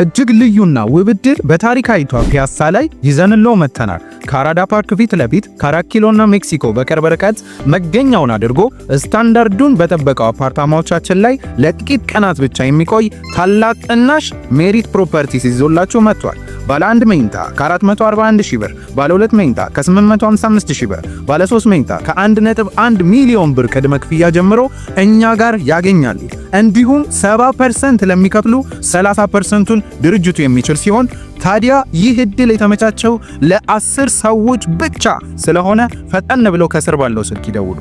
እጅግ ልዩና ውብድር በታሪካዊቷ ፒያሳ ላይ ይዘንሎ መጥተናል። ከአራዳ ፓርክ ፊት ለፊት ከአራት ኪሎና ሜክሲኮ በቅርብ ርቀት መገኛውን አድርጎ ስታንዳርዱን በጠበቀው አፓርታማዎቻችን ላይ ለጥቂት ቀናት ብቻ የሚቆይ ታላቅ ጥናሽ ሜሪት ፕሮፐርቲስ ይዞላችሁ መጥቷል። ባለ 1 መኝታ ከ441 ሺህ ብር፣ ባለ 2 መኝታ ከ855 ሺ ብር፣ ባለ 3 መኝታ ከ1.1 ሚሊዮን ብር ቅድመ ክፍያ ጀምሮ እኛ ጋር ያገኛሉ። እንዲሁም 70% ለሚከፍሉ ፐርሰንቱን ድርጅቱ የሚችል ሲሆን ታዲያ ይህ ዕድል የተመቻቸው ለ10 ሰዎች ብቻ ስለሆነ ፈጠን ብለው ከስር ባለው ስልክ ይደውሉ።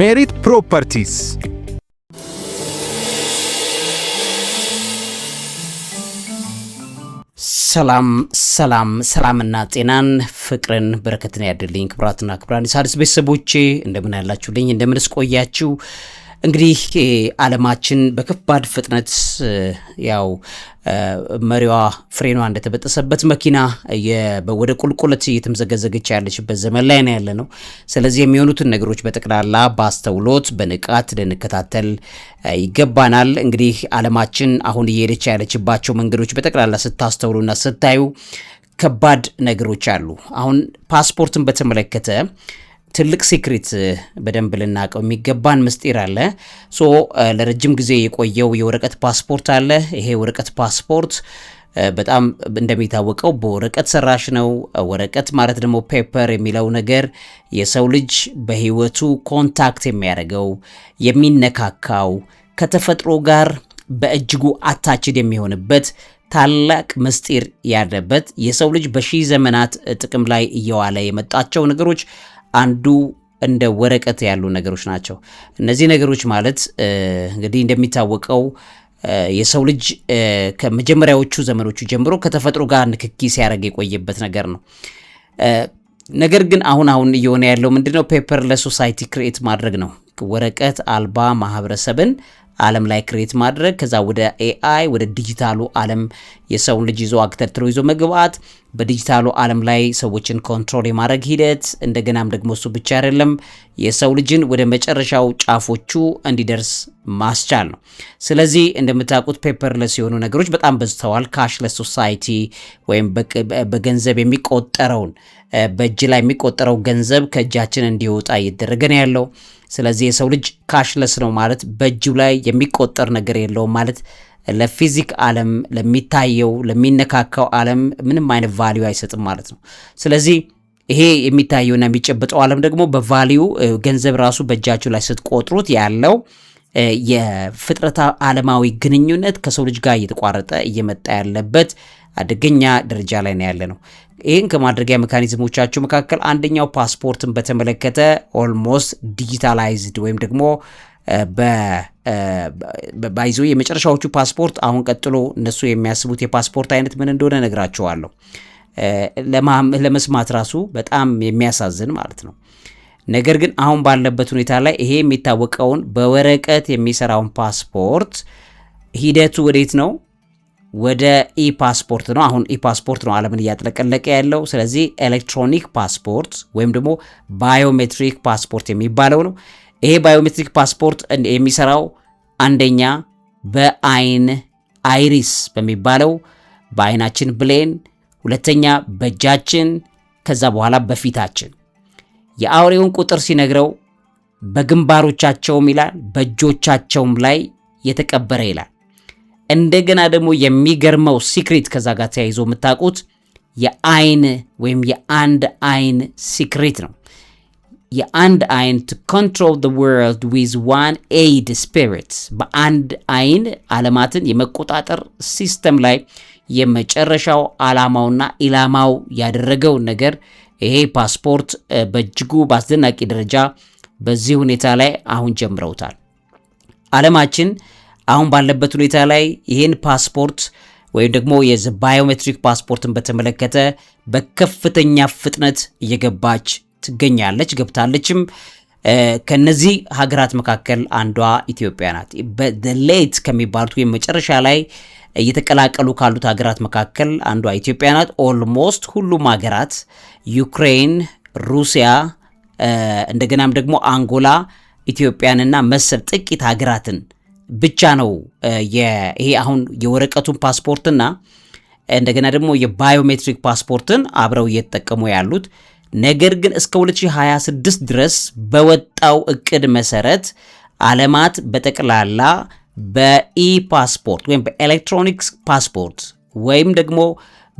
ሜሪት ፕሮፐርቲስ ሰላም ሰላም ሰላምና ጤናን ፍቅርን በረከትን ያድልኝ። ክብራትና ክብራን የሣድስ ቤተሰቦቼ እንደምን ያላችሁልኝ? እንደምንስ ቆያችሁ? እንግዲህ ዓለማችን በከባድ ፍጥነት ያው መሪዋ ፍሬኗ እንደተበጠሰበት መኪና ወደ ቁልቁለት እየተምዘገዘገች ያለችበት ዘመን ላይ ነው ያለ ነው። ስለዚህ የሚሆኑትን ነገሮች በጠቅላላ በአስተውሎት በንቃት ልንከታተል ይገባናል። እንግዲህ ዓለማችን አሁን እየሄደች ያለችባቸው መንገዶች በጠቅላላ ስታስተውሉና ስታዩ ከባድ ነገሮች አሉ። አሁን ፓስፖርትን በተመለከተ ትልቅ ሲክሪት uh, በደንብ ልናውቀው የሚገባን ምስጢር አለ። ሶ uh, ለረጅም ጊዜ የቆየው የወረቀት ፓስፖርት አለ። ይሄ የወረቀት ፓስፖርት uh, በጣም እንደሚታወቀው በወረቀት ሰራሽ ነው። ወረቀት ማለት ደግሞ ፔፐር የሚለው ነገር የሰው ልጅ በህይወቱ ኮንታክት የሚያደርገው የሚነካካው፣ ከተፈጥሮ ጋር በእጅጉ አታችድ የሚሆንበት ታላቅ ምስጢር ያለበት የሰው ልጅ በሺህ ዘመናት ጥቅም ላይ እየዋለ የመጣቸው ነገሮች አንዱ እንደ ወረቀት ያሉ ነገሮች ናቸው። እነዚህ ነገሮች ማለት እንግዲህ እንደሚታወቀው የሰው ልጅ ከመጀመሪያዎቹ ዘመኖቹ ጀምሮ ከተፈጥሮ ጋር ንክኪ ሲያደርግ የቆየበት ነገር ነው። ነገር ግን አሁን አሁን እየሆነ ያለው ምንድነው? ፔፐር ለሶሳይቲ ክሬኤት ማድረግ ነው። ወረቀት አልባ ማህበረሰብን ዓለም ላይ ክሬት ማድረግ ከዛ ወደ ኤአይ ወደ ዲጂታሉ ዓለም የሰውን ልጅ ይዞ አግተትሮ ይዞ መግባት በዲጂታሉ ዓለም ላይ ሰዎችን ኮንትሮል የማድረግ ሂደት እንደገናም ደግሞ እሱ ብቻ አይደለም፣ የሰው ልጅን ወደ መጨረሻው ጫፎቹ እንዲደርስ ማስቻል ነው። ስለዚህ እንደምታውቁት ፔፐርለስ የሆኑ ነገሮች በጣም በዝተዋል። ካሽለስ ሶሳይቲ ወይም በገንዘብ የሚቆጠረውን በእጅ ላይ የሚቆጠረው ገንዘብ ከእጃችን እንዲወጣ እየተደረገ ነው ያለው። ስለዚህ የሰው ልጅ ካሽለስ ነው ማለት በእጅው ላይ የሚቆጠር ነገር የለውም ማለት ለፊዚክ ዓለም ለሚታየው ለሚነካካው ዓለም ምንም አይነት ቫሊዩ አይሰጥም ማለት ነው። ስለዚህ ይሄ የሚታየውና የሚጨበጠው ዓለም ደግሞ በቫሊዩ ገንዘብ ራሱ በእጃችሁ ላይ ስትቆጥሩት ያለው የፍጥረት ዓለማዊ ግንኙነት ከሰው ልጅ ጋር እየተቋረጠ እየመጣ ያለበት አደገኛ ደረጃ ላይ ነው ያለ ነው። ይህን ከማድረጊያ ሜካኒዝሞቻቸው መካከል አንደኛው ፓስፖርትን በተመለከተ ኦልሞስት ዲጂታላይዝድ ወይም ደግሞ በይዞ የመጨረሻዎቹ ፓስፖርት አሁን ቀጥሎ እነሱ የሚያስቡት የፓስፖርት አይነት ምን እንደሆነ ነግራቸዋለሁ። ለመስማት ራሱ በጣም የሚያሳዝን ማለት ነው። ነገር ግን አሁን ባለበት ሁኔታ ላይ ይሄ የሚታወቀውን በወረቀት የሚሰራውን ፓስፖርት ሂደቱ ወዴት ነው? ወደ ኢፓስፖርት ነው። አሁን ኢፓስፖርት ነው ዓለምን እያጥለቀለቀ ያለው። ስለዚህ ኤሌክትሮኒክ ፓስፖርት ወይም ደግሞ ባዮሜትሪክ ፓስፖርት የሚባለው ነው። ይሄ ባዮሜትሪክ ፓስፖርት የሚሰራው አንደኛ በአይን አይሪስ በሚባለው በአይናችን ብሌን፣ ሁለተኛ በእጃችን፣ ከዛ በኋላ በፊታችን የአውሬውን ቁጥር ሲነግረው በግንባሮቻቸውም ይላል በእጆቻቸውም ላይ የተቀበረ ይላል። እንደገና ደግሞ የሚገርመው ሲክሬት ከዛ ጋር ተያይዞ የምታውቁት የአይን ወይም የአንድ አይን ሲክሬት ነው። የአንድ አይን ቱ ኮንትሮል ዘ ወርልድ ዊዝ ዋን ኤይድ ስፒሪት፣ በአንድ አይን አለማትን የመቆጣጠር ሲስተም ላይ የመጨረሻው ዓላማውና ኢላማው ያደረገው ነገር ይሄ ፓስፖርት በእጅጉ በአስደናቂ ደረጃ በዚህ ሁኔታ ላይ አሁን ጀምረውታል። አለማችን አሁን ባለበት ሁኔታ ላይ ይህን ፓስፖርት ወይም ደግሞ የባዮሜትሪክ ፓስፖርትን በተመለከተ በከፍተኛ ፍጥነት እየገባች ትገኛለች ገብታለችም። ከነዚህ ሀገራት መካከል አንዷ ኢትዮጵያ ናት። በሌት ከሚባሉት ወይም መጨረሻ ላይ እየተቀላቀሉ ካሉት ሀገራት መካከል አንዷ ኢትዮጵያ ናት። ኦልሞስት ሁሉም ሀገራት ዩክሬን፣ ሩሲያ፣ እንደገናም ደግሞ አንጎላ ኢትዮጵያንና መሰል ጥቂት ሀገራትን ብቻ ነው ይሄ አሁን የወረቀቱን ፓስፖርትና እንደገና ደግሞ የባዮሜትሪክ ፓስፖርትን አብረው እየተጠቀሙ ያሉት። ነገር ግን እስከ 2026 ድረስ በወጣው እቅድ መሰረት አለማት በጠቅላላ በኢፓስፖርት ወይም በኤሌክትሮኒክስ ፓስፖርት ወይም ደግሞ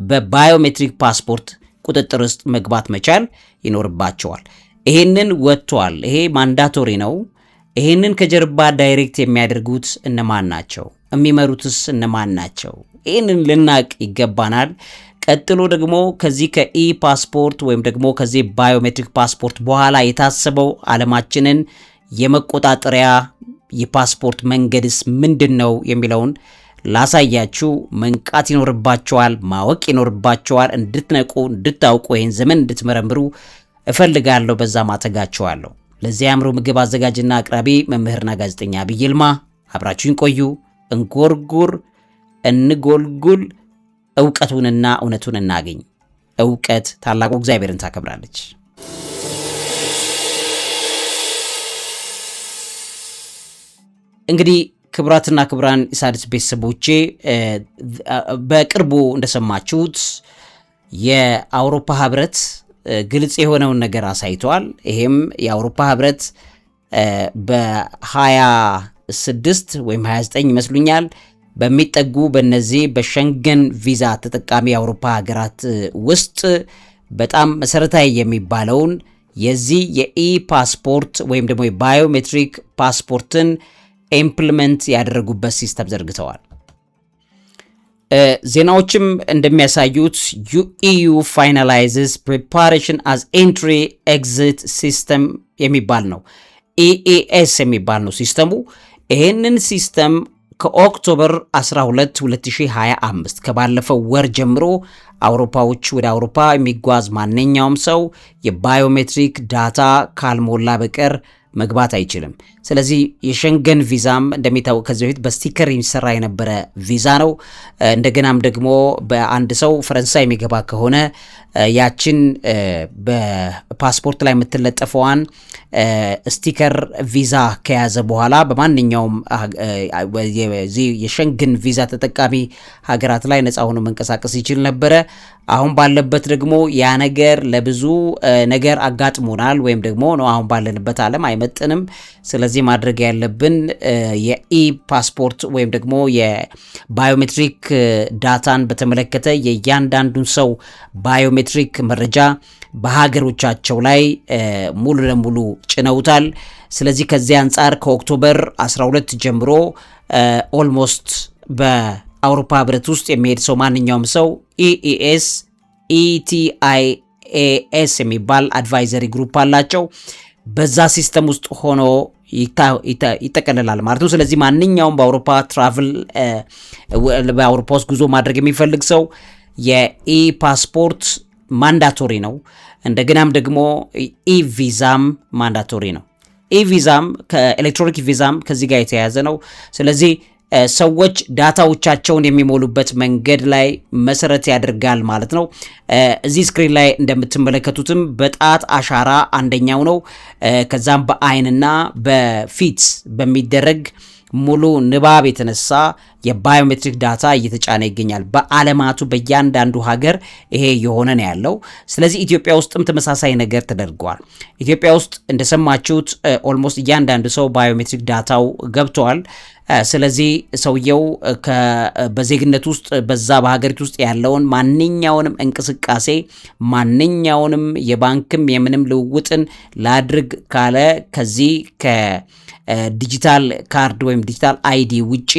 በባዮሜትሪክ ፓስፖርት ቁጥጥር ውስጥ መግባት መቻል ይኖርባቸዋል። ይሄንን ወጥቷል። ይሄ ማንዳቶሪ ነው። ይህንን ከጀርባ ዳይሬክት የሚያደርጉት እነማን ናቸው? የሚመሩትስ እነማን ናቸው? ይህንን ልናቅ ይገባናል። ቀጥሎ ደግሞ ከዚህ ከኢ ፓስፖርት ወይም ደግሞ ከዚህ ባዮሜትሪክ ፓስፖርት በኋላ የታሰበው ዓለማችንን የመቆጣጠሪያ የፓስፖርት መንገድስ ምንድን ነው የሚለውን ላሳያችሁ። መንቃት ይኖርባችኋል፣ ማወቅ ይኖርባችኋል። እንድትነቁ፣ እንድታውቁ፣ ይህን ዘመን እንድትመረምሩ እፈልጋለሁ። በዛ ማተጋችኋለሁ። ለዚህ አእምሮ ምግብ አዘጋጅና አቅራቢ መምህርና ጋዜጠኛ ዐቢይ ይልማ። አብራችሁን ቆዩ። እንጎርጉር፣ እንጎልጉል፣ እውቀቱንና እውነቱን እናገኝ። እውቀት ታላቁ እግዚአብሔርን ታከብራለች። እንግዲህ ክብራትና ክብራን የሣድስ ቤተሰቦቼ በቅርቡ እንደሰማችሁት የአውሮፓ ህብረት ግልጽ የሆነውን ነገር አሳይተዋል። ይሄም የአውሮፓ ህብረት በ26 ወይም 29 ይመስሉኛል በሚጠጉ በነዚህ በሸንገን ቪዛ ተጠቃሚ የአውሮፓ ሀገራት ውስጥ በጣም መሰረታዊ የሚባለውን የዚህ የኢ ፓስፖርት ወይም ደግሞ የባዮሜትሪክ ፓስፖርትን ኢምፕልመንት ያደረጉበት ሲስተም ዘርግተዋል። ዜናዎችም እንደሚያሳዩት ዩኢዩ ፋይናላይዝስ ፕሪፓሬሽን አዝ ኤንትሪ ኤግዚት ሲስተም የሚባል ነው። ኢኢኤስ e e የሚባል ነው ሲስተሙ። ይህንን ሲስተም ከኦክቶበር 12 2025 ከባለፈው ወር ጀምሮ አውሮፓዎች ወደ አውሮፓ የሚጓዝ ማንኛውም ሰው የባዮሜትሪክ ዳታ ካልሞላ በቀር መግባት አይችልም። ስለዚህ የሸንገን ቪዛም እንደሚታወቅ ከዚህ በፊት በስቲከር የሚሰራ የነበረ ቪዛ ነው። እንደገናም ደግሞ በአንድ ሰው ፈረንሳይ የሚገባ ከሆነ ያችን በፓስፖርት ላይ የምትለጠፈዋን ስቲከር ቪዛ ከያዘ በኋላ በማንኛውም ዚህ የሸንግን ቪዛ ተጠቃሚ ሀገራት ላይ ነፃ ሆኖ መንቀሳቀስ ይችል ነበረ። አሁን ባለበት ደግሞ ያ ነገር ለብዙ ነገር አጋጥሞናል፣ ወይም ደግሞ ነው አሁን ባለንበት ዓለም አይመጥንም። ስለዚህ ማድረግ ያለብን የኢ ፓስፖርት ወይም ደግሞ የባዮሜትሪክ ዳታን በተመለከተ የእያንዳንዱን ሰው ባዮሜ የሜትሪክ መረጃ በሀገሮቻቸው ላይ ሙሉ ለሙሉ ጭነውታል። ስለዚህ ከዚህ አንጻር ከኦክቶበር 12 ጀምሮ ኦልሞስት በአውሮፓ ህብረት ውስጥ የሚሄድ ሰው ማንኛውም ሰው ኢኢኤስ e ኢቲአይኤኤስ e e የሚባል አድቫይዘሪ ግሩፕ አላቸው። በዛ ሲስተም ውስጥ ሆኖ ይጠቀልላል ማለት ነው። ስለዚህ ማንኛውም በአውሮፓ ትራቭል በአውሮፓ ውስጥ ጉዞ ማድረግ የሚፈልግ ሰው የኢ ፓስፖርት ማንዳቶሪ ነው። እንደገናም ደግሞ ኢቪዛም ማንዳቶሪ ነው። ኢቪዛም ከኤሌክትሮኒክ ቪዛም ከዚህ ጋር የተያያዘ ነው። ስለዚህ ሰዎች ዳታዎቻቸውን የሚሞሉበት መንገድ ላይ መሰረት ያደርጋል ማለት ነው። እዚህ ስክሪን ላይ እንደምትመለከቱትም በጣት አሻራ አንደኛው ነው። ከዛም በአይንና በፊት በሚደረግ ሙሉ ንባብ የተነሳ የባዮሜትሪክ ዳታ እየተጫነ ይገኛል። በዓለማቱ በእያንዳንዱ ሀገር ይሄ የሆነ ነው ያለው። ስለዚህ ኢትዮጵያ ውስጥም ተመሳሳይ ነገር ተደርገዋል። ኢትዮጵያ ውስጥ እንደሰማችሁት ኦልሞስት እያንዳንዱ ሰው ባዮሜትሪክ ዳታው ገብተዋል። ስለዚህ ሰውየው በዜግነት ውስጥ በዛ በሀገሪቱ ውስጥ ያለውን ማንኛውንም እንቅስቃሴ ማንኛውንም የባንክም የምንም ልውውጥን ላድርግ ካለ ከዚህ ከዲጂታል ካርድ ወይም ዲጂታል አይዲ ውጪ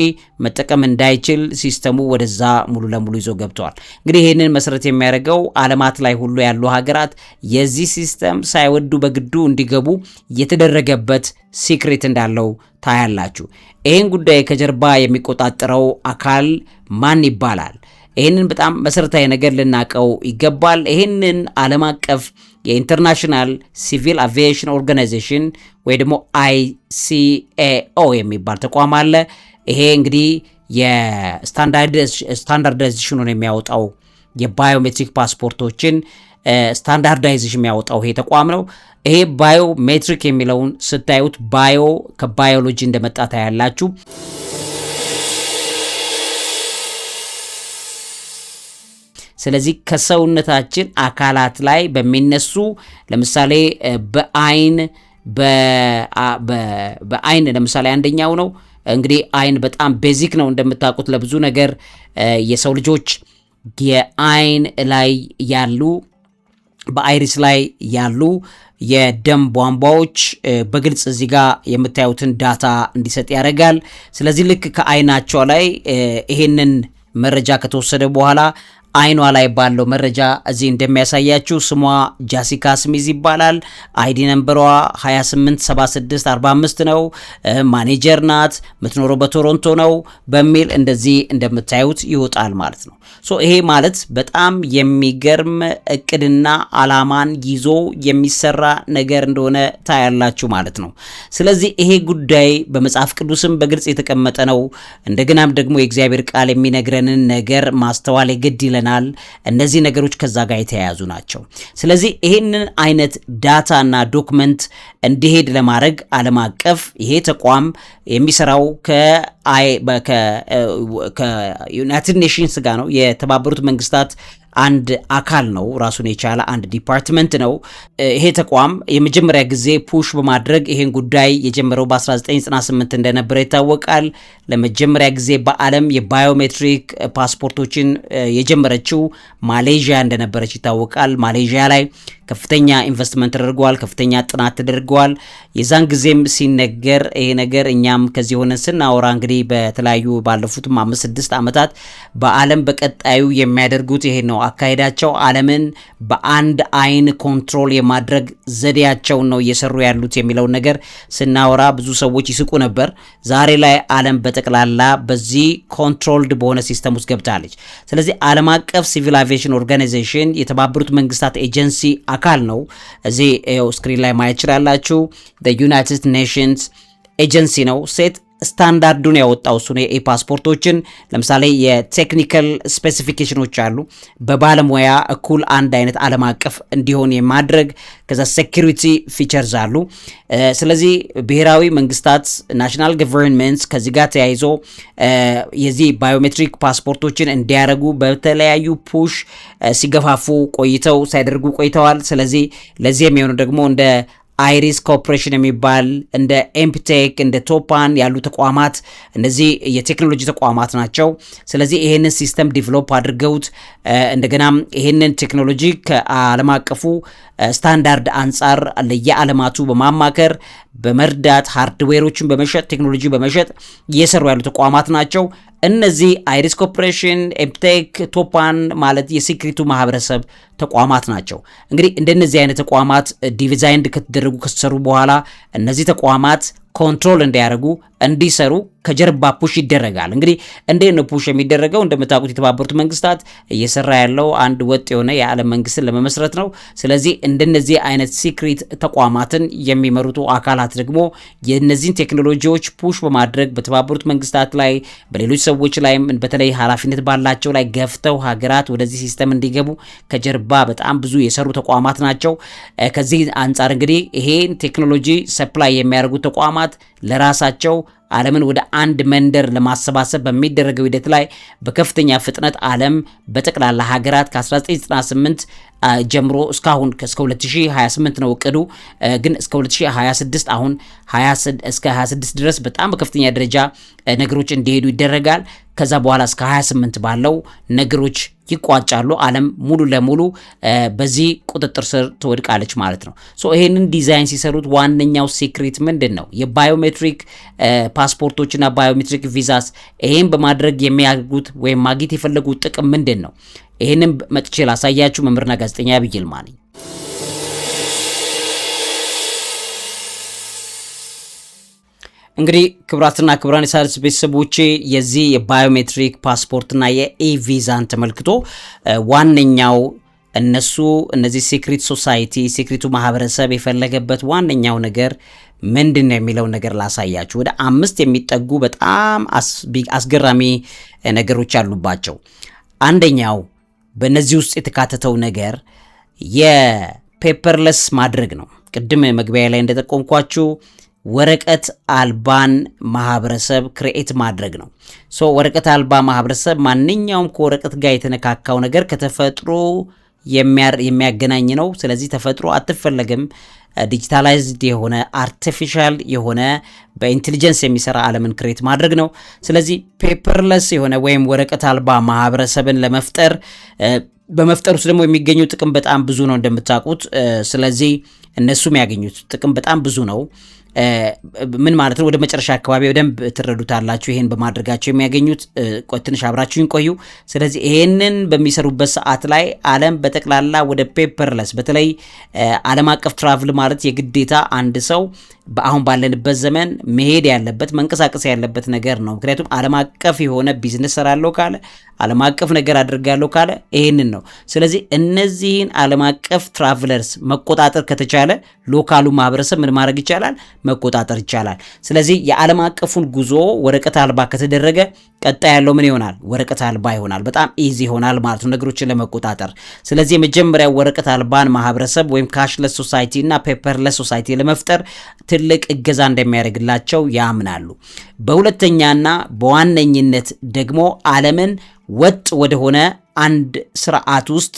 መጠቀም እንዳይችል ሲስተሙ ወደዛ ሙሉ ለሙሉ ይዞ ገብተዋል። እንግዲህ ይህንን መሰረት የሚያደርገው ዓለማት ላይ ሁሉ ያሉ ሀገራት የዚህ ሲስተም ሳይወዱ በግዱ እንዲገቡ የተደረገበት ሲክሬት እንዳለው ታያላችሁ። ይህን ጉዳይ ከጀርባ የሚቆጣጠረው አካል ማን ይባላል? ይህንን በጣም መሰረታዊ ነገር ልናቀው ይገባል። ይህንን ዓለም አቀፍ የኢንተርናሽናል ሲቪል አቪዬሽን ኦርጋናይዜሽን ወይ ደግሞ አይሲኤኦ የሚባል ተቋም አለ። ይሄ እንግዲህ የስታንዳርዳይዜሽኑን የሚያወጣው የባዮሜትሪክ ፓስፖርቶችን ስታንዳርዳይዜሽን የሚያወጣው ይሄ ተቋም ነው። ይሄ ባዮ ሜትሪክ የሚለውን ስታዩት ባዮ ከባዮሎጂ እንደመጣ ታያላችሁ። ስለዚህ ከሰውነታችን አካላት ላይ በሚነሱ ለምሳሌ በአይን በአይን ለምሳሌ አንደኛው ነው እንግዲህ አይን በጣም ቤዚክ ነው እንደምታውቁት ለብዙ ነገር የሰው ልጆች የአይን ላይ ያሉ በአይሪስ ላይ ያሉ የደም ቧንቧዎች በግልጽ እዚህ ጋር የምታዩትን ዳታ እንዲሰጥ ያደርጋል። ስለዚህ ልክ ከአይናቸው ላይ ይሄንን መረጃ ከተወሰደ በኋላ አይኗ ላይ ባለው መረጃ እዚህ እንደሚያሳያችው ስሟ ጃሲካ ስሚዝ ይባላል። አይዲ ነንበሯ 287645 ነው። ማኔጀር ናት። የምትኖረው በቶሮንቶ ነው በሚል እንደዚህ እንደምታዩት ይወጣል ማለት ነው። ሶ ይሄ ማለት በጣም የሚገርም እቅድና አላማን ይዞ የሚሰራ ነገር እንደሆነ ታያላችሁ ማለት ነው። ስለዚህ ይሄ ጉዳይ በመጽሐፍ ቅዱስም በግልጽ የተቀመጠ ነው። እንደገናም ደግሞ የእግዚአብሔር ቃል የሚነግረንን ነገር ማስተዋል የግድ ይለናል። አይተናል። እነዚህ ነገሮች ከዛ ጋር የተያያዙ ናቸው። ስለዚህ ይህንን አይነት ዳታና ዶክመንት እንዲሄድ ለማድረግ ዓለም አቀፍ ይሄ ተቋም የሚሰራው ከዩናይትድ ኔሽንስ ጋር ነው የተባበሩት መንግስታት አንድ አካል ነው፣ ራሱን የቻለ አንድ ዲፓርትመንት ነው። ይሄ ተቋም የመጀመሪያ ጊዜ ፑሽ በማድረግ ይሄን ጉዳይ የጀመረው በ1998 እንደነበረ ይታወቃል። ለመጀመሪያ ጊዜ በዓለም የባዮሜትሪክ ፓስፖርቶችን የጀመረችው ማሌዥያ እንደነበረች ይታወቃል። ማሌዥያ ላይ ከፍተኛ ኢንቨስትመንት ተደርገዋል፣ ከፍተኛ ጥናት ተደርገዋል። የዛን ጊዜም ሲነገር ይሄ ነገር እኛም ከዚህ ሆነን ስናወራ እንግዲህ በተለያዩ ባለፉትም አምስት ስድስት ዓመታት በዓለም በቀጣዩ የሚያደርጉት ይሄ ነው አካሄዳቸው። ዓለምን በአንድ አይን ኮንትሮል የማድረግ ዘዴያቸውን ነው እየሰሩ ያሉት የሚለውን ነገር ስናወራ ብዙ ሰዎች ይስቁ ነበር። ዛሬ ላይ ዓለም በጠቅላላ በዚህ ኮንትሮልድ በሆነ ሲስተም ውስጥ ገብታለች። ስለዚህ ዓለም አቀፍ ሲቪላይዜሽን ኦርጋናይዜሽን የተባበሩት መንግስታት ኤጀንሲ አካል ነው። እዚህ ስክሪን ላይ ማየት ይችላላችሁ። ዩናይትድ ኔሽንስ ኤጀንሲ ነው ሴት ስታንዳርዱን ያወጣው እሱ ነው። የኢ ፓስፖርቶችን ለምሳሌ የቴክኒካል ስፔሲፊኬሽኖች አሉ። በባለሙያ እኩል አንድ አይነት ዓለም አቀፍ እንዲሆን የማድረግ ከዛ ሴኩሪቲ ፊቸርስ አሉ። ስለዚህ ብሔራዊ መንግስታት ናሽናል ገቨርንመንትስ ከዚህ ጋር ተያይዞ የዚህ ባዮሜትሪክ ፓስፖርቶችን እንዲያደርጉ በተለያዩ ፑሽ ሲገፋፉ ቆይተው ሳይደርጉ ቆይተዋል። ስለዚህ ለዚህ የሚሆኑ ደግሞ እንደ አይሪስ ኮርፖሬሽን የሚባል እንደ ኤምፕቴክ እንደ ቶፓን ያሉ ተቋማት እነዚህ የቴክኖሎጂ ተቋማት ናቸው። ስለዚህ ይህንን ሲስተም ዲቨሎፕ አድርገውት እንደገና ይህንን ቴክኖሎጂ ከዓለም አቀፉ ስታንዳርድ አንጻር ለየዓለማቱ በማማከር በመርዳት ሃርድዌሮችን በመሸጥ ቴክኖሎጂ በመሸጥ እየሰሩ ያሉ ተቋማት ናቸው። እነዚህ አይሪስ ኮርፖሬሽን፣ ኤምቴክ፣ ቶፓን ማለት የሴክሪቱ ማህበረሰብ ተቋማት ናቸው። እንግዲህ እንደነዚህ አይነት ተቋማት ዲቪዛይንድ ከተደረጉ ከተሰሩ በኋላ እነዚህ ተቋማት ኮንትሮል እንዲያደርጉ እንዲሰሩ ከጀርባ ፑሽ ይደረጋል። እንግዲህ እንዴት ነው ፑሽ የሚደረገው? እንደምታውቁት የተባበሩት መንግስታት እየሰራ ያለው አንድ ወጥ የሆነ የዓለም መንግስትን ለመመስረት ነው። ስለዚህ እንደነዚህ አይነት ሲክሪት ተቋማትን የሚመሩቱ አካላት ደግሞ የነዚህን ቴክኖሎጂዎች ፑሽ በማድረግ በተባበሩት መንግስታት ላይ በሌሎች ሰዎች ላይም በተለይ ኃላፊነት ባላቸው ላይ ገፍተው ሀገራት ወደዚህ ሲስተም እንዲገቡ ከጀርባ በጣም ብዙ የሰሩ ተቋማት ናቸው። ከዚህ አንጻር እንግዲህ ይሄን ቴክኖሎጂ ሰፕላይ የሚያደርጉ ተቋማት ለራሳቸው ዓለምን ወደ አንድ መንደር ለማሰባሰብ በሚደረገው ሂደት ላይ በከፍተኛ ፍጥነት ዓለም በጠቅላላ ሀገራት ከ1998 ጀምሮ እስካሁን እስከ 2028 ነው እቅዱ። ግን እስከ 2026 አሁን እስከ 26 ድረስ በጣም በከፍተኛ ደረጃ ነገሮች እንዲሄዱ ይደረጋል። ከዛ በኋላ እስከ 28 ባለው ነገሮች ይቋጫሉ። ዓለም ሙሉ ለሙሉ በዚህ ቁጥጥር ስር ትወድቃለች ማለት ነው። ሶ ይሄንን ዲዛይን ሲሰሩት ዋነኛው ሴክሬት ምንድን ነው? የባዮሜትሪክ ፓስፖርቶችና ባዮሜትሪክ ቪዛስ ይሄን በማድረግ የሚያጉት ወይም ማግኘት የፈለጉት ጥቅም ምንድን ነው? ይህንም መጥቼ ላሳያችሁ። መምህርና ጋዜጠኛ ዐቢይ ይልማ ነኝ። እንግዲህ ክብራትና ክብራን የሣድስ ቤተሰቦቼ የዚህ የባዮሜትሪክ ፓስፖርትና የኤቪዛን ተመልክቶ ዋነኛው እነሱ እነዚህ ሴክሪት ሶሳይቲ ሴክሪቱ ማህበረሰብ የፈለገበት ዋነኛው ነገር ምንድን ነው የሚለው ነገር ላሳያችሁ። ወደ አምስት የሚጠጉ በጣም አስገራሚ ነገሮች አሉባቸው። አንደኛው በእነዚህ ውስጥ የተካተተው ነገር የፔፐርለስ ማድረግ ነው። ቅድም መግቢያ ላይ እንደጠቆምኳችሁ ወረቀት አልባን ማህበረሰብ ክርኤት ማድረግ ነው። ሶ ወረቀት አልባ ማህበረሰብ ማንኛውም ከወረቀት ጋር የተነካካው ነገር ከተፈጥሮ የሚያገናኝ ነው። ስለዚህ ተፈጥሮ አትፈለግም። ዲጂታላይዝድ የሆነ አርቲፊሻል የሆነ በኢንቴሊጀንስ የሚሰራ ዓለምን ክሬት ማድረግ ነው። ስለዚህ ፔፐርለስ የሆነ ወይም ወረቀት አልባ ማህበረሰብን ለመፍጠር በመፍጠር ውስጥ ደግሞ የሚገኘው ጥቅም በጣም ብዙ ነው እንደምታውቁት። ስለዚህ እነሱም ያገኙት ጥቅም በጣም ብዙ ነው። ምን ማለት ነው? ወደ መጨረሻ አካባቢ በደንብ ትረዱታላችሁ። ይሄን በማድረጋቸው የሚያገኙት ትንሽ አብራችሁን ቆዩ። ስለዚህ ይሄንን በሚሰሩበት ሰዓት ላይ ዓለም በጠቅላላ ወደ ፔፐርለስ በተለይ ዓለም አቀፍ ትራቭል ማለት የግዴታ አንድ ሰው አሁን ባለንበት ዘመን መሄድ ያለበት መንቀሳቀስ ያለበት ነገር ነው። ምክንያቱም ዓለም አቀፍ የሆነ ቢዝነስ ሰራለሁ ካለ ዓለም አቀፍ ነገር አድርጋለሁ ካለ ይህንን ነው። ስለዚህ እነዚህን ዓለም አቀፍ ትራቭለርስ መቆጣጠር ከተቻለ ሎካሉ ማህበረሰብ ምን ማድረግ ይቻላል? መቆጣጠር ይቻላል። ስለዚህ የዓለም አቀፉን ጉዞ ወረቀት አልባ ከተደረገ ቀጣ ያለው ምን ይሆናል? ወረቀት አልባ ይሆናል። በጣም ኢዚ ይሆናል ማለት ነው ነገሮችን ለመቆጣጠር። ስለዚህ የመጀመሪያ ወረቀት አልባን ማህበረሰብ ወይም ካሽለስ ሶሳይቲ እና ፔፐርለስ ሶሳይቲ ለመፍጠር ትልቅ እገዛ እንደሚያደርግላቸው ያምናሉ። በሁለተኛና በዋነኝነት ደግሞ ዓለምን ወጥ ወደሆነ አንድ ስርዓት ውስጥ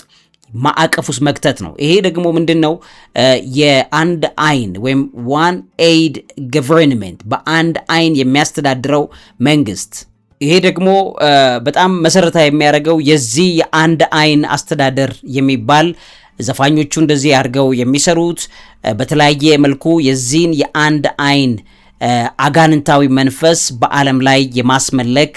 ማዕቀፍ ውስጥ መክተት ነው። ይሄ ደግሞ ምንድን ነው? የአንድ አይን ወይም ዋን ኤድ ገቨርንመንት በአንድ አይን የሚያስተዳድረው መንግስት ይሄ ደግሞ በጣም መሰረታዊ የሚያደርገው የዚህ የአንድ አይን አስተዳደር የሚባል ዘፋኞቹ እንደዚህ አድርገው የሚሰሩት በተለያየ መልኩ የዚህን የአንድ አይን አጋንንታዊ መንፈስ በዓለም ላይ የማስመለክ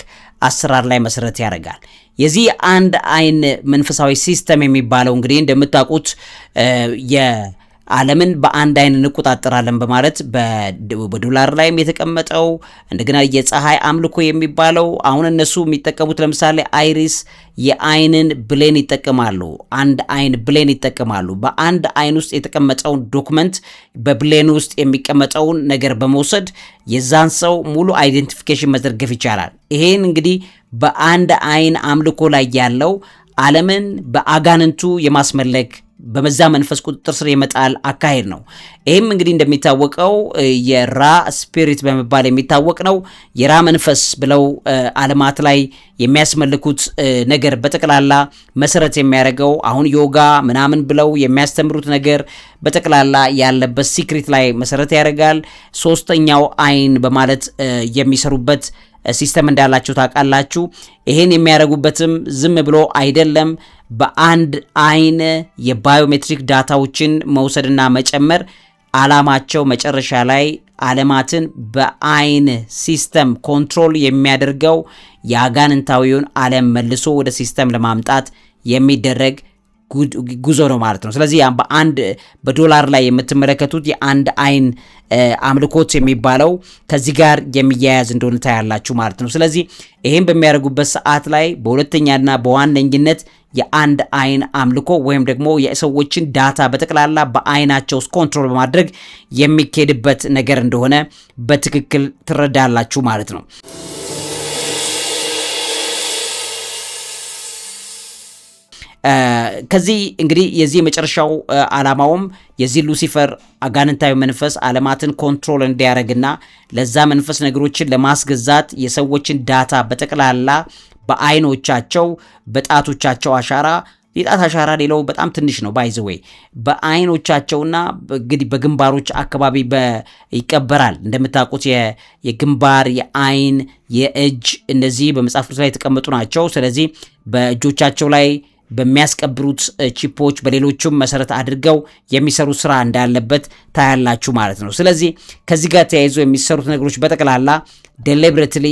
አሰራር ላይ መሰረት ያደርጋል። የዚህ የአንድ አይን መንፈሳዊ ሲስተም የሚባለው እንግዲህ እንደምታውቁት ዓለምን በአንድ አይን እንቆጣጠራለን በማለት በዶላር ላይም የተቀመጠው እንደገና የፀሐይ አምልኮ የሚባለው አሁን እነሱ የሚጠቀሙት ለምሳሌ አይሪስ የአይንን ብሌን ይጠቀማሉ። አንድ አይን ብሌን ይጠቀማሉ። በአንድ አይን ውስጥ የተቀመጠውን ዶክመንት በብሌን ውስጥ የሚቀመጠውን ነገር በመውሰድ የዛን ሰው ሙሉ አይደንቲፊኬሽን መዘርገፍ ይቻላል። ይሄን እንግዲህ በአንድ አይን አምልኮ ላይ ያለው ዓለምን በአጋንንቱ የማስመለክ በመዛ መንፈስ ቁጥጥር ስር የመጣል አካሄድ ነው። ይህም እንግዲህ እንደሚታወቀው የራ ስፒሪት በመባል የሚታወቅ ነው። የራ መንፈስ ብለው አለማት ላይ የሚያስመልኩት ነገር በጠቅላላ መሰረት የሚያደርገው አሁን ዮጋ ምናምን ብለው የሚያስተምሩት ነገር በጠቅላላ ያለበት ሲክሪት ላይ መሰረት ያደርጋል። ሶስተኛው አይን በማለት የሚሰሩበት ሲስተም እንዳላችሁ ታውቃላችሁ። ይሄን የሚያደርጉበትም ዝም ብሎ አይደለም። በአንድ አይን የባዮሜትሪክ ዳታዎችን መውሰድና መጨመር አላማቸው መጨረሻ ላይ አለማትን በአይን ሲስተም ኮንትሮል የሚያደርገው የአጋንንታዊውን አለም መልሶ ወደ ሲስተም ለማምጣት የሚደረግ ጉዞ ነው ማለት ነው። ስለዚህ በአንድ በዶላር ላይ የምትመለከቱት የአንድ አይን አምልኮት የሚባለው ከዚህ ጋር የሚያያዝ እንደሆነ ታያላችሁ ማለት ነው። ስለዚህ ይህም በሚያደርጉበት ሰዓት ላይ በሁለተኛና በዋነኝነት የአንድ አይን አምልኮ ወይም ደግሞ የሰዎችን ዳታ በጠቅላላ በአይናቸው ውስጥ ኮንትሮል በማድረግ የሚካሄድበት ነገር እንደሆነ በትክክል ትረዳላችሁ ማለት ነው። ከዚህ እንግዲህ የዚህ የመጨረሻው አላማውም የዚህ ሉሲፈር አጋንንታዊ መንፈስ አለማትን ኮንትሮል እንዲያደርግና ለዛ መንፈስ ነገሮችን ለማስገዛት የሰዎችን ዳታ በጠቅላላ በአይኖቻቸው በጣቶቻቸው አሻራ የጣት አሻራ ሌለው በጣም ትንሽ ነው። ባይዘወይ በአይኖቻቸውና እንግዲህ በግንባሮች አካባቢ ይቀበራል። እንደምታውቁት የግንባር፣ የአይን፣ የእጅ እነዚህ በመጽሐፍ ቅዱስ ላይ የተቀመጡ ናቸው። ስለዚህ በእጆቻቸው ላይ በሚያስቀብሩት ቺፖች በሌሎችም መሰረት አድርገው የሚሰሩ ስራ እንዳለበት ታያላችሁ ማለት ነው። ስለዚህ ከዚህ ጋር ተያይዞ የሚሰሩት ነገሮች በጠቅላላ ደሊብሬትሊ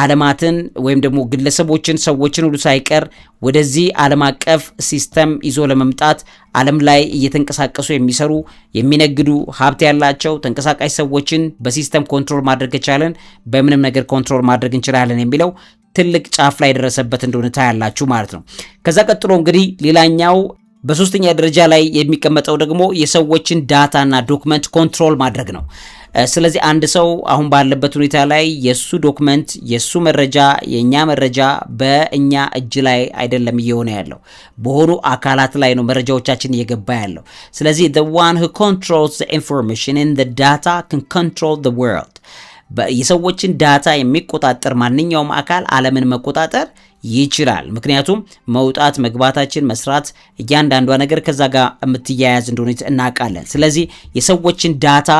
አለማትን ወይም ደግሞ ግለሰቦችን፣ ሰዎችን ሁሉ ሳይቀር ወደዚህ ዓለም አቀፍ ሲስተም ይዞ ለመምጣት ዓለም ላይ እየተንቀሳቀሱ የሚሰሩ የሚነግዱ፣ ሀብት ያላቸው ተንቀሳቃሽ ሰዎችን በሲስተም ኮንትሮል ማድረግ ከቻለን በምንም ነገር ኮንትሮል ማድረግ እንችላለን የሚለው ትልቅ ጫፍ ላይ የደረሰበት እንደሆነ ታያላችሁ ማለት ነው። ከዛ ቀጥሎ እንግዲህ ሌላኛው በሶስተኛ ደረጃ ላይ የሚቀመጠው ደግሞ የሰዎችን ዳታና ዶክመንት ኮንትሮል ማድረግ ነው። ስለዚህ አንድ ሰው አሁን ባለበት ሁኔታ ላይ የእሱ ዶክመንት የእሱ መረጃ የእኛ መረጃ በእኛ እጅ ላይ አይደለም እየሆነ ያለው፣ በሆኑ አካላት ላይ ነው መረጃዎቻችን እየገባ ያለው። ስለዚህ the one who controls the information and the data can control the world የሰዎችን ዳታ የሚቆጣጠር ማንኛውም አካል ዓለምን መቆጣጠር ይችላል። ምክንያቱም መውጣት መግባታችን፣ መስራት እያንዳንዷ ነገር ከዛ ጋር የምትያያዝ እንደሆነ እናውቃለን። ስለዚህ የሰዎችን ዳታ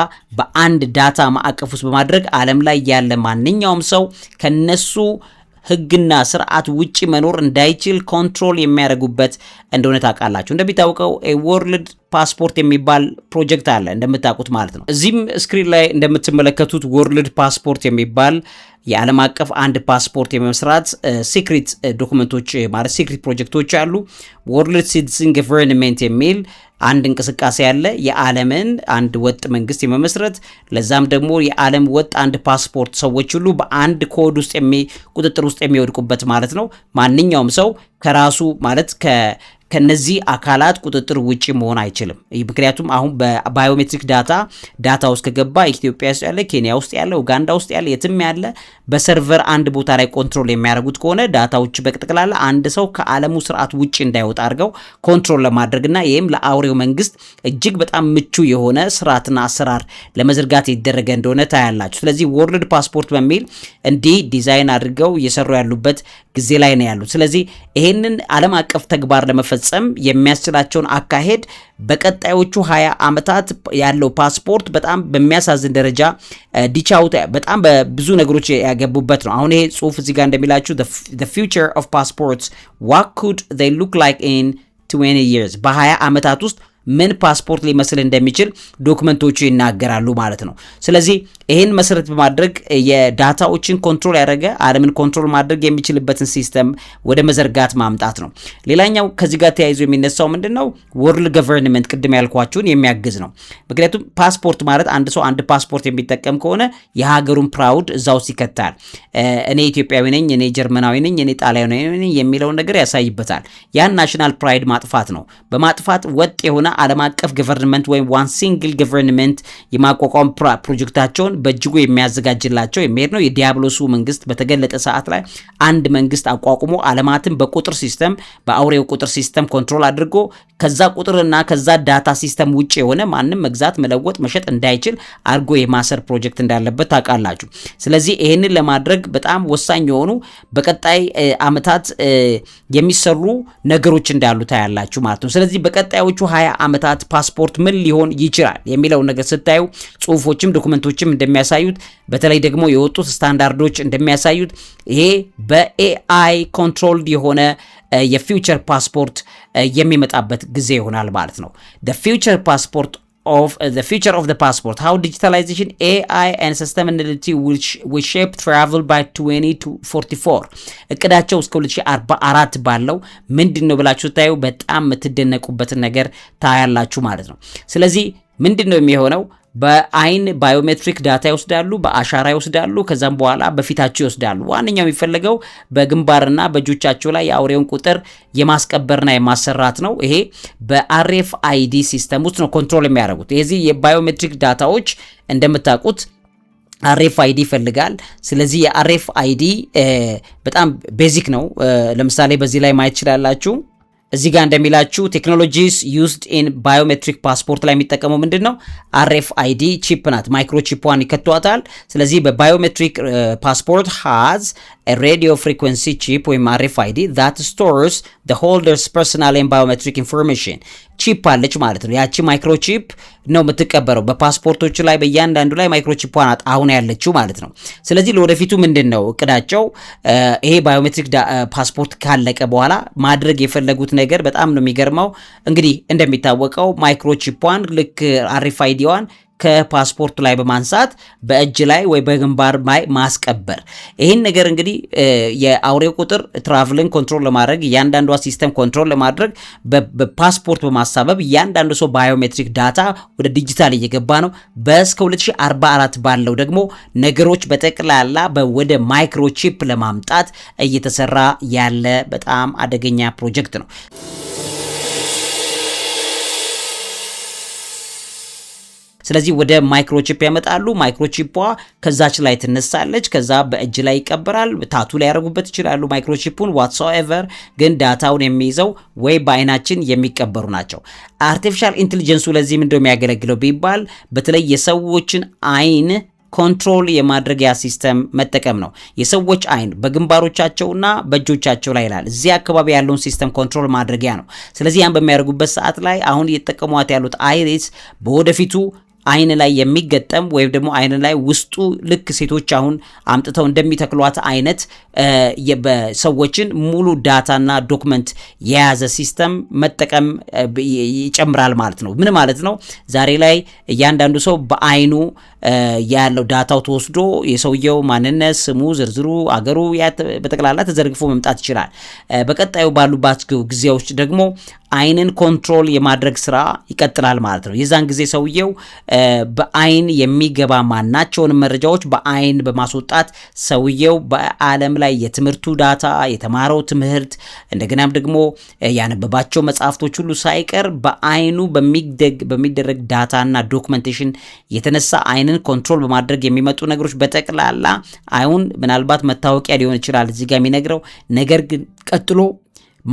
በአንድ ዳታ ማዕቀፍ ውስጥ በማድረግ ዓለም ላይ ያለ ማንኛውም ሰው ከነሱ ህግና ስርዓት ውጪ መኖር እንዳይችል ኮንትሮል የሚያደርጉበት እንደሆነ ታውቃላችሁ። እንደሚታወቀው የወርልድ ፓስፖርት የሚባል ፕሮጀክት አለ እንደምታውቁት ማለት ነው። እዚህም ስክሪን ላይ እንደምትመለከቱት ወርልድ ፓስፖርት የሚባል የዓለም አቀፍ አንድ ፓስፖርት የመስራት ሲክሪት ዶክመንቶች ማለት ሲክሪት ፕሮጀክቶች አሉ። ወርልድ ሲቲዝን ገቨርንመንት የሚል አንድ እንቅስቃሴ ያለ የዓለምን አንድ ወጥ መንግስት የመመስረት ለዛም ደግሞ የዓለም ወጥ አንድ ፓስፖርት ሰዎች ሁሉ በአንድ ኮድ ውስጥ ቁጥጥር ውስጥ የሚወድቁበት ማለት ነው። ማንኛውም ሰው ከራሱ ማለት ከነዚህ አካላት ቁጥጥር ውጭ መሆን አይችልም። ምክንያቱም አሁን በባዮሜትሪክ ዳታ ዳታ ውስጥ ከገባ ኢትዮጵያ ውስጥ ያለ፣ ኬንያ ውስጥ ያለ፣ ኡጋንዳ ውስጥ ያለ፣ የትም ያለ በሰርቨር አንድ ቦታ ላይ ኮንትሮል የሚያደርጉት ከሆነ ዳታዎች በቅጥቅላላ አንድ ሰው ከዓለሙ ስርዓት ውጭ እንዳይወጣ አድርገው ኮንትሮል ለማድረግና ይህም ለአውሬው መንግስት እጅግ በጣም ምቹ የሆነ ስርዓትና አሰራር ለመዘርጋት የተደረገ እንደሆነ ታያላችሁ። ስለዚህ ወርልድ ፓስፖርት በሚል እንዲህ ዲዛይን አድርገው እየሰሩ ያሉበት ጊዜ ላይ ነው ያሉት። ስለዚህ ይህንን ዓለም አቀፍ ተግባር ለመፈጸም የሚያስችላቸውን አካሄድ በቀጣዮቹ ሀያ ዓመታት ያለው ፓስፖርት በጣም በሚያሳዝን ደረጃ ዲቻውት በጣም በብዙ ነገሮች ያገቡበት ነው። አሁን ይሄ ጽሁፍ እዚህ ጋር እንደሚላችሁ the future of passports what could they look like in 20 years በ20 ዓመታት ውስጥ ምን ፓስፖርት ሊመስል እንደሚችል ዶክመንቶቹ ይናገራሉ ማለት ነው። ስለዚህ ይህን መሰረት በማድረግ የዳታዎችን ኮንትሮል ያደረገ ዓለምን ኮንትሮል ማድረግ የሚችልበትን ሲስተም ወደ መዘርጋት ማምጣት ነው። ሌላኛው ከዚህ ጋር ተያይዞ የሚነሳው ምንድን ነው? ወርልድ ገቨርንመንት ቅድም ያልኳችሁን የሚያግዝ ነው። ምክንያቱም ፓስፖርት ማለት አንድ ሰው አንድ ፓስፖርት የሚጠቀም ከሆነ የሀገሩን ፕራውድ እዛ ውስጥ ይከታል። እኔ ኢትዮጵያዊ ነኝ፣ እኔ ጀርመናዊ ነኝ፣ እኔ ጣሊያናዊ ነኝ የሚለውን ነገር ያሳይበታል። ያን ናሽናል ፕራይድ ማጥፋት ነው። በማጥፋት ወጥ የሆነ ዓለም አቀፍ ገቨርንመንት ወይም ዋን ሲንግል ገቨርንመንት የማቋቋም ፕሮጀክታቸውን በእጅጉ የሚያዘጋጅላቸው የሚሄድ ነው። የዲያብሎሱ መንግስት በተገለጠ ሰዓት ላይ አንድ መንግስት አቋቁሞ ዓለማትን በቁጥር ሲስተም በአውሬው ቁጥር ሲስተም ኮንትሮል አድርጎ ከዛ ቁጥርና ከዛ ዳታ ሲስተም ውጭ የሆነ ማንም መግዛት፣ መለወጥ፣ መሸጥ እንዳይችል አድርጎ የማሰር ፕሮጀክት እንዳለበት ታውቃላችሁ። ስለዚህ ይህንን ለማድረግ በጣም ወሳኝ የሆኑ በቀጣይ አመታት የሚሰሩ ነገሮች እንዳሉ ታያላችሁ ማለት ነው። ስለዚህ በቀጣዮቹ ሀያ አመታት ፓስፖርት ምን ሊሆን ይችላል የሚለውን ነገር ስታዩ ጽሁፎችም ዶኩመንቶችም እንደሚያሳዩት በተለይ ደግሞ የወጡት ስታንዳርዶች እንደሚያሳዩት ይሄ በኤአይ ኮንትሮልድ የሆነ የፊውቸር ፓስፖርት የሚመጣበት ጊዜ ይሆናል ማለት ነው። ፊውቸር ፓስፖርት ፊውቸር ኦፍ ፓስፖርት ሃው ዲጂታላይዜሽን ኤአይ ኤንድ ሰስተይናቢሊቲ ዊል ሼፕ ትራቭል ባይ 2044 እቅዳቸው እስከ 2044 ባለው ምንድን ነው ብላችሁ ስታዩ በጣም የምትደነቁበትን ነገር ታያላችሁ ማለት ነው። ስለዚህ ምንድን ነው የሚሆነው? በአይን ባዮሜትሪክ ዳታ ይወስዳሉ፣ በአሻራ ይወስዳሉ፣ ከዛም በኋላ በፊታቸው ይወስዳሉ። ዋነኛው የሚፈለገው በግንባርና በእጆቻቸው ላይ የአውሬውን ቁጥር የማስቀበርና የማሰራት ነው። ይሄ በአርኤፍ አይዲ ሲስተም ውስጥ ነው ኮንትሮል የሚያደርጉት። የዚህ የባዮሜትሪክ ዳታዎች እንደምታውቁት አሬፍ አይዲ ይፈልጋል። ስለዚህ የአርኤፍ አይዲ በጣም ቤዚክ ነው። ለምሳሌ በዚህ ላይ ማየት ትችላላችሁ። እዚህ ጋር እንደሚላችሁ ቴክኖሎጂስ ዩዝድ ኢን ባዮሜትሪክ ፓስፖርት ላይ የሚጠቀመው ምንድን ነው? አር አይዲ ቺፕ ናት። ማይክሮ ማይክሮቺፕዋን ይከቷታል። ስለዚህ በባዮሜትሪክ ፓስፖርት ሃዝ ሬዲዮ ፍሪኩንሲ ቺፕ ወይም አር ኤፍ አይዲ ዛት ስቶርስ ዘ ሆልደርስ ፐርሰናል ኤንድ ባዮሜትሪክ ኢንፎርሜሽን ቺፕ አለች ማለት ነው። ያቺ ቺፕ ነው የምትቀበረው በፓስፖርቶች ላይ በእያንዳንዱ ላይ ማይክሮቺፕ ናት አሁን ያለችው ማለት ነው። ስለዚህ ለወደፊቱ ምንድን ነው እቅዳቸው? ይሄ ባዮሜትሪክ ፓስፖርት ካለቀ በኋላ ማድረግ የፈለጉት ነገር ነገር በጣም ነው የሚገርመው። እንግዲህ እንደሚታወቀው ማይክሮቺፑን ልክ አርፋይዲዋን ከፓስፖርቱ ላይ በማንሳት በእጅ ላይ ወይ በግንባር ላይ ማስቀበር። ይህን ነገር እንግዲህ የአውሬ ቁጥር ትራቭልን ኮንትሮል ለማድረግ እያንዳንዷ ሲስተም ኮንትሮል ለማድረግ በፓስፖርት በማሳበብ እያንዳንዱ ሰው ባዮሜትሪክ ዳታ ወደ ዲጂታል እየገባ ነው። በእስከ 2044 ባለው ደግሞ ነገሮች በጠቅላላ ወደ ማይክሮቺፕ ለማምጣት እየተሰራ ያለ በጣም አደገኛ ፕሮጀክት ነው። ስለዚህ ወደ ማይክሮቺፕ ያመጣሉ። ማይክሮቺፕ ከዛች ላይ ትነሳለች። ከዛ በእጅ ላይ ይቀበራል። ታቱ ላይ ያደረጉበት ይችላሉ ማይክሮቺፑን። ዋትሶኤቨር ግን ዳታውን የሚይዘው ወይ በአይናችን የሚቀበሩ ናቸው። አርቲፊሻል ኢንቴሊጀንሱ ለዚህ ምንድነው የሚያገለግለው ቢባል በተለይ የሰዎችን አይን ኮንትሮል የማድረጊያ ሲስተም መጠቀም ነው። የሰዎች አይን በግንባሮቻቸውና በእጆቻቸው ላይ ይላል። እዚህ አካባቢ ያለውን ሲስተም ኮንትሮል ማድረጊያ ነው። ስለዚህ ያን በሚያደርጉበት ሰዓት ላይ አሁን እየተጠቀሟት ያሉት አይሪስ በወደፊቱ አይን ላይ የሚገጠም ወይም ደግሞ አይን ላይ ውስጡ ልክ ሴቶች አሁን አምጥተው እንደሚተክሏት አይነት ሰዎችን ሙሉ ዳታና ዶክመንት የያዘ ሲስተም መጠቀም ይጨምራል ማለት ነው። ምን ማለት ነው? ዛሬ ላይ እያንዳንዱ ሰው በአይኑ ያለው ዳታው ተወስዶ የሰውየው ማንነት፣ ስሙ፣ ዝርዝሩ፣ አገሩ በጠቅላላ ተዘርግፎ መምጣት ይችላል። በቀጣዩ ባሉባት ጊዜዎች ደግሞ አይንን ኮንትሮል የማድረግ ስራ ይቀጥላል ማለት ነው። የዛን ጊዜ ሰውየው በአይን የሚገባ ማናቸውንም መረጃዎች በአይን በማስወጣት ሰውየው በዓለም ላይ የትምህርቱ ዳታ የተማረው ትምህርት እንደገናም ደግሞ ያነበባቸው መጽሐፍቶች ሁሉ ሳይቀር በአይኑ በሚደረግ በሚደረግ ዳታና ዶክመንቴሽን የተነሳ አይንን ኮንትሮል በማድረግ የሚመጡ ነገሮች በጠቅላላ አይሁን ምናልባት መታወቂያ ሊሆን ይችላል እዚህ ጋር የሚነግረው ነገር ግን ቀጥሎ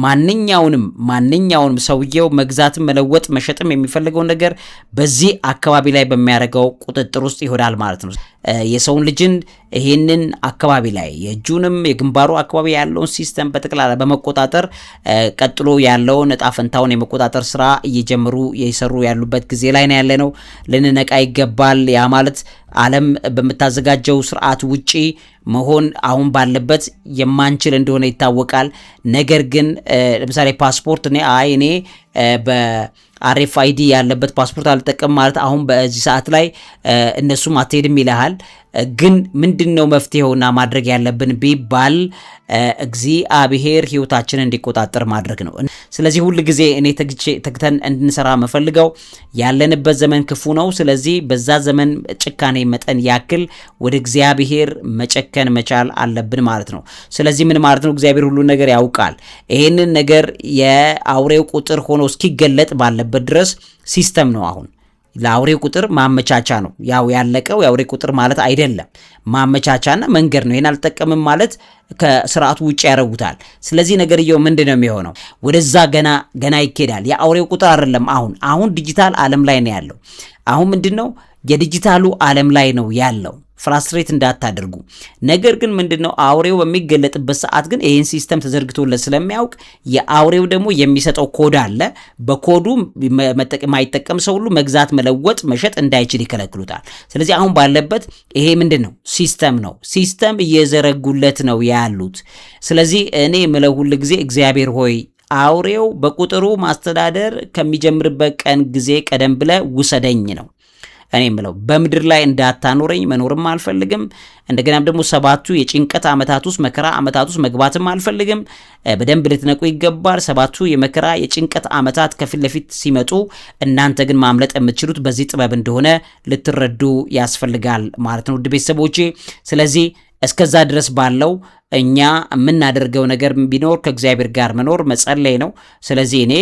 ማንኛውንም ማንኛውንም ሰውየው መግዛትም መለወጥ መሸጥም የሚፈልገው ነገር በዚህ አካባቢ ላይ በሚያደርገው ቁጥጥር ውስጥ ይሆናል ማለት ነው። የሰውን ልጅን ይህንን አካባቢ ላይ የእጁንም የግንባሩ አካባቢ ያለውን ሲስተም በጠቅላላ በመቆጣጠር ቀጥሎ ያለውን እጣ ፈንታውን የመቆጣጠር ስራ እየጀመሩ እየሰሩ ያሉበት ጊዜ ላይ ነው ያለ ነው። ልንነቃ ይገባል። ያ ማለት ዓለም በምታዘጋጀው ስርዓት ውጪ መሆን አሁን ባለበት የማንችል እንደሆነ ይታወቃል። ነገር ግን ለምሳሌ ፓስፖርት እኔ አይ እኔ አርኤፍአይዲ ያለበት ፓስፖርት አልጠቀም ማለት አሁን በዚህ ሰዓት ላይ እነሱም አትሄድም ይልሃል። ግን ምንድን ነው መፍትሄውና ማድረግ ያለብን ቢባል እግዚአብሔር ህይወታችን እንዲቆጣጠር ማድረግ ነው። ስለዚህ ሁል ጊዜ እኔ ተግተን እንድንሰራ መፈልገው ያለንበት ዘመን ክፉ ነው። ስለዚህ በዛ ዘመን ጭካኔ መጠን ያክል ወደ እግዚአብሔር መጨከን መቻል አለብን ማለት ነው። ስለዚህ ምን ማለት ነው? እግዚአብሔር ሁሉ ነገር ያውቃል። ይህንን ነገር የአውሬው ቁጥር ሆኖ እስኪገለጥ ባለበት እስካለበት ድረስ ሲስተም ነው። አሁን ለአውሬ ቁጥር ማመቻቻ ነው። ያው ያለቀው የአውሬ ቁጥር ማለት አይደለም፣ ማመቻቻና መንገድ ነው። ይህን አልጠቀምም ማለት ከስርዓቱ ውጭ ያደረጉታል። ስለዚህ ነገርየው ምንድን ነው የሚሆነው? ወደዛ ገና ገና ይኬዳል። የአውሬው ቁጥር አይደለም። አሁን አሁን ዲጂታል ዓለም ላይ ነው ያለው። አሁን ምንድን ነው የዲጂታሉ ዓለም ላይ ነው ያለው። ፍራስትሬት እንዳታደርጉ። ነገር ግን ምንድነው አውሬው በሚገለጥበት ሰዓት ግን ይህን ሲስተም ተዘርግቶለት ስለሚያውቅ የአውሬው ደግሞ የሚሰጠው ኮድ አለ። በኮዱ የማይጠቀም ሰው ሁሉ መግዛት፣ መለወጥ፣ መሸጥ እንዳይችል ይከለክሉታል። ስለዚህ አሁን ባለበት ይሄ ምንድን ነው ሲስተም ነው። ሲስተም እየዘረጉለት ነው ያሉት። ስለዚህ እኔ የምለው ሁል ጊዜ እግዚአብሔር ሆይ አውሬው በቁጥሩ ማስተዳደር ከሚጀምርበት ቀን ጊዜ ቀደም ብለ ውሰደኝ ነው። እኔ የምለው በምድር ላይ እንዳታኖረኝ መኖርም አልፈልግም። እንደገናም ደግሞ ሰባቱ የጭንቀት ዓመታት ውስጥ መከራ ዓመታት ውስጥ መግባትም አልፈልግም። በደንብ ልትነቁ ይገባል። ሰባቱ የመከራ የጭንቀት ዓመታት ከፊት ለፊት ሲመጡ እናንተ ግን ማምለጥ የምትችሉት በዚህ ጥበብ እንደሆነ ልትረዱ ያስፈልጋል ማለት ነው ውድ ቤተሰቦቼ። ስለዚህ እስከዛ ድረስ ባለው እኛ የምናደርገው ነገር ቢኖር ከእግዚአብሔር ጋር መኖር መጸለይ ነው። ስለዚህ እኔ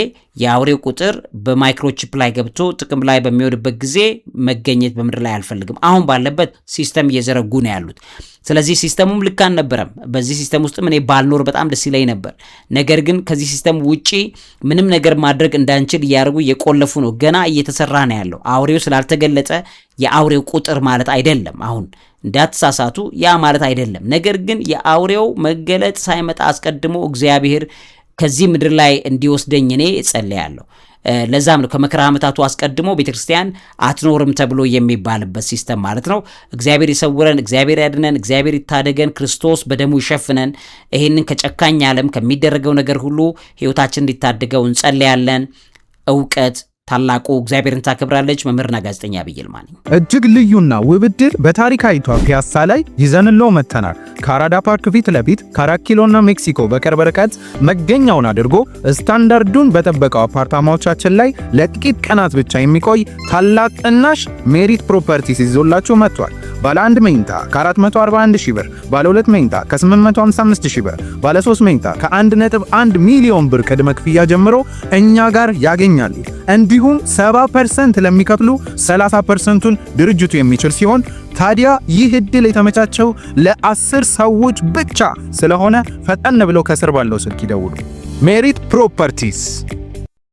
የአውሬው ቁጥር በማይክሮቺፕ ላይ ገብቶ ጥቅም ላይ በሚወድበት ጊዜ መገኘት በምድር ላይ አልፈልግም። አሁን ባለበት ሲስተም እየዘረጉ ነው ያሉት። ስለዚህ ሲስተሙም ልክ አልነበረም። በዚህ ሲስተም ውስጥም እኔ ባልኖር በጣም ደስ ይለኝ ነበር። ነገር ግን ከዚህ ሲስተም ውጪ ምንም ነገር ማድረግ እንዳንችል እያደረጉ እየቆለፉ ነው። ገና እየተሰራ ነው ያለው። አውሬው ስላልተገለጠ የአውሬው ቁጥር ማለት አይደለም። አሁን እንዳትሳሳቱ፣ ያ ማለት አይደለም። ነገር ግን የአውሬው የባህሪው መገለጥ ሳይመጣ አስቀድሞ እግዚአብሔር ከዚህ ምድር ላይ እንዲወስደኝ እኔ እጸልያለሁ። ለዛም ነው ከመከራ ዓመታቱ አስቀድሞ ቤተ ክርስቲያን አትኖርም ተብሎ የሚባልበት ሲስተም ማለት ነው። እግዚአብሔር ይሰውረን፣ እግዚአብሔር ያድነን፣ እግዚአብሔር ይታደገን፣ ክርስቶስ በደሙ ይሸፍነን። ይህንን ከጨካኝ ዓለም ከሚደረገው ነገር ሁሉ ሕይወታችን እንዲታደገው እንጸልያለን። እውቀት ታላቁ እግዚአብሔርን ታከብራለች መምህርና ጋዜጠኛ ዐቢይ ይልማ ነኝ። እጅግ ልዩና ውብድር ዕድል በታሪካዊቷ ፒያሳ ላይ ይዘንሎ መጥተናል። ከአራዳ ፓርክ ፊት ለፊት ከአራት ኪሎና ሜክሲኮ በቅርብ ርቀት መገኛውን አድርጎ ስታንዳርዱን በጠበቀው አፓርታማዎቻችን ላይ ለጥቂት ቀናት ብቻ የሚቆይ ታላቅ ቅናሽ ሜሪት ፕሮፐርቲስ ይዞላችሁ መጥቷል። ባለ 1 መኝታ ከ441 ሺህ ብር፣ ባለ 2 መኝታ ከ855 ሺህ ብር፣ ባለ 3 መኝታ ከ1.1 ሚሊዮን ብር ቅድመ ክፍያ ጀምሮ እኛ ጋር ያገኛሉ እንዲ እንዲሁም 70% ለሚከፍሉ 30%ቱን ድርጅቱ የሚችል ሲሆን ታዲያ ይህ እድል የተመቻቸው ለአስር ሰዎች ብቻ ስለሆነ ፈጠን ብለው ከስር ባለው ስልክ ይደውሉ። ሜሪት ፕሮፐርቲስ